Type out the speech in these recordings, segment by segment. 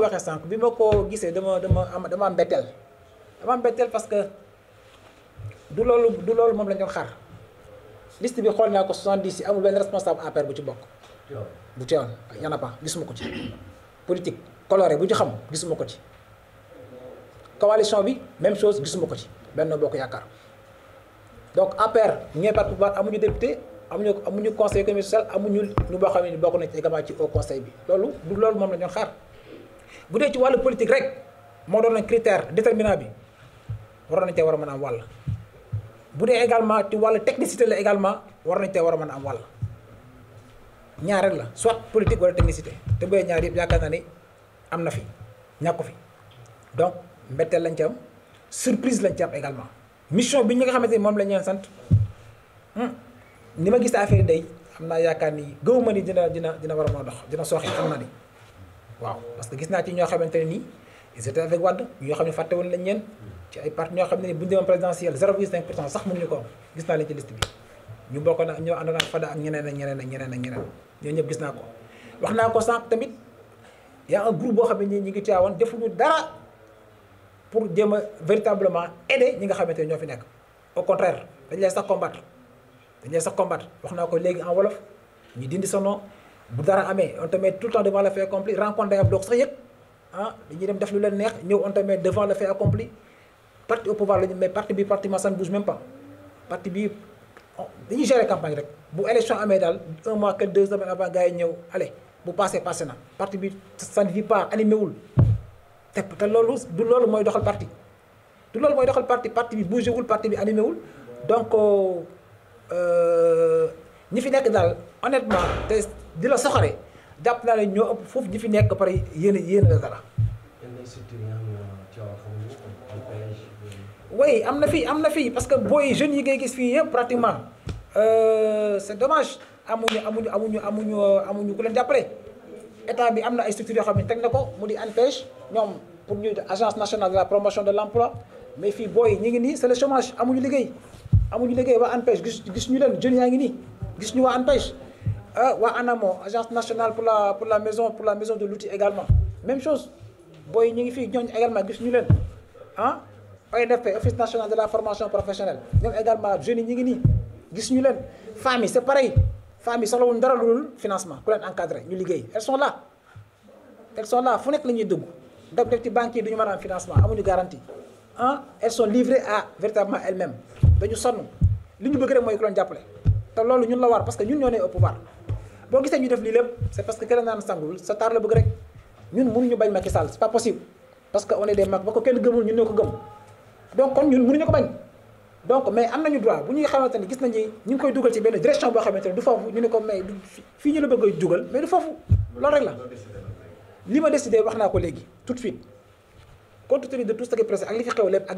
ko waxee sànq bi ma ko gisee dama dama am dama am mbetteel dama am mbetteel parce que du loolu du loolu moom la ñu xaar liste bi xool naa ko 70 yi amul benn responsable APR bu ci bokk. bu teewoon y en a pas gisuma ko ci. politique coloré bu ci xam gisuma ko ci. coalition bi même chose gisuma ko ci Benno Bokk Yaakaar donc APR ñooy parti pouvoir amuñu député amuñu amuñu conseil communal amuñu lu boo xam ne bokk na ci également ci au conseil bi loolu du loolu moom la xaar. bu dee ci wàllu politique rek moo doon critère déterminant bi war nañ tey war a mën a am wàll bu dee également ci wàllu technicité la également war nañ tey war a mën a am wàll ñaar la soit politique wala technicité te bu dee ñaar yëpp yaakaar naa ni am na fi ñàkku fi donc mbetteel lañ ci am surprise lañ ci am également mission bi ñi nga xamante ni moom la ñu sant hmm, ni ma gis affaire yi day am naa yaakaar ni gëwuma ni dina dina dina war a mën a dox dina sooxe xam naa ni. waaw parce que gis naa ci ñoo xamante ne nii ils étaient avec Wade ñoo xam ne fàtte woon lañ ñeen ci ay parti ñoo xam ne nii bu ñu demoon présidentielle 0,5 pour sax mënuñu ko naa leen ci liste bi ñu bokkoon ak ñoo àndoon ak Fada ak ñeneen ñeneen ak ñeneen ak ñeneen gis naa ko wax naa ko sànq tamit yaa un groupe boo xam ne ñi ñi ngi tiyaawoon defuñu dara pour jéem a véritablement aider ñi nga xamante ne ñoo fi nekk au contraire dañ lay sax combattre dañ lay sax combattre wax naa ko léegi en wolof ñu dindi sono bu dara amee on te met tout le temps devant le fait accompli rencontre day am sax yëg ah dañuy dem def lu leen neex ñëw on te met devant le fait accompli parti au pouvoir lañu mais parti bi parti ça ne parti bi dañuy gérer campagne bu élection amee daal un mois que deux semaines avant gars yi ñëw allez bu passé passé na parti bi ça ne vit pas wul te loolu du loolu mooy doxal parti du loolu mooy doxal parti parti bi bougé wul parti bi animé wul donc euh, euh, ñi fi nekk daal honnêtement di la soxare jàpp naa ne ñoo ëpp foofu ñi fi nekk pare yéen yéen la dara. way am na fii am na fii parce que booy jeunes yi ngay gis fii yëpp pratiquement euh, c'est dommage amuñu amuñu amuñu amuñu amuñu ku leen jàppale état bi am na ay structures yoo xam ne teg na ko mu di ANPEJ ñoom pour ñu agence nationale de la promotion de l'emploi mais fii booy ñi ngi nii c'est le chômage amuñu liggéey amuñu liggéey waa ANPEJ gis gis ñu leen jeunes yaa ngi nii gis ñu waa ANPEJ ah waa ANAMO agence nationale pour la pour la maison pour la maison de l'outil également même chose booy ñu ngi fii ñooñu également gis ñu leen ah ONFP office national de la formation professionnelle ñoom également jeunes yi ñu ngi nii gis ñu leen femmes yi c'est pareil femmes yi soxlawuñ dara lu dul financement ku leen encadré ñu liggéey elles sont là elles fu nekk la ñuy dugg def def ci banques yi du ñu mën a financement amuñu garantie ah elles sont livrées à véritablement elles-mêmes dañu sonn li ñu bëgg rek mooy ku leen jàppale loolu ñun la war parce que ñun ñoo ne boo gisee ñu def lii lépp c'est parce que a naan sangul sa taar la bëgg rek ñun mënuñu bañ Macky Sall c'est pas possible parce que on est mag ba ko kenn gëmul ñu ñoo ko gëm donc kon ñun mënuñu ko bañ donc mais am nañu droit bu ñuy xamante ni gis nañu ñu ngi koy dugal ci benn direction boo xamante ne du foofu ñu ne ko mais fii ñu la bëgg a dugal mais du foofu loolu rek la li ma décidé wax naa ko léegi tout de suite compte tenu de tout ce qui est pressé ak li fi a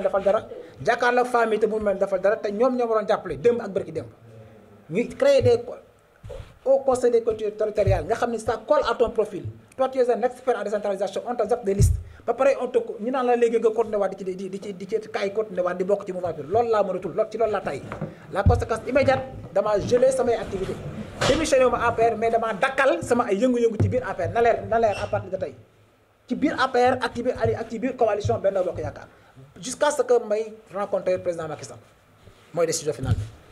defal dara jàkkaarloog famille te bu mel dafa dara te ñoom ñoo waroon jàppale démb ak bërki démb ñu créer des au conseil des collectivités territoriales nga xam ne ça colle à ton profil toi tu es un expert en décentralisation on t'adapte des listes ba pare on te ñu naan la léegi nga continuer waat di ci di ci di ci kaay continuer waat di bokk ci mouvement bi loolu laa mënatul loolu ci loolu laa tay la conséquence immédiate dama gelé samay activité démissionné wu ma APR jusqu'à ce que may rencontrer président Macky Sall mooy décision finale bi.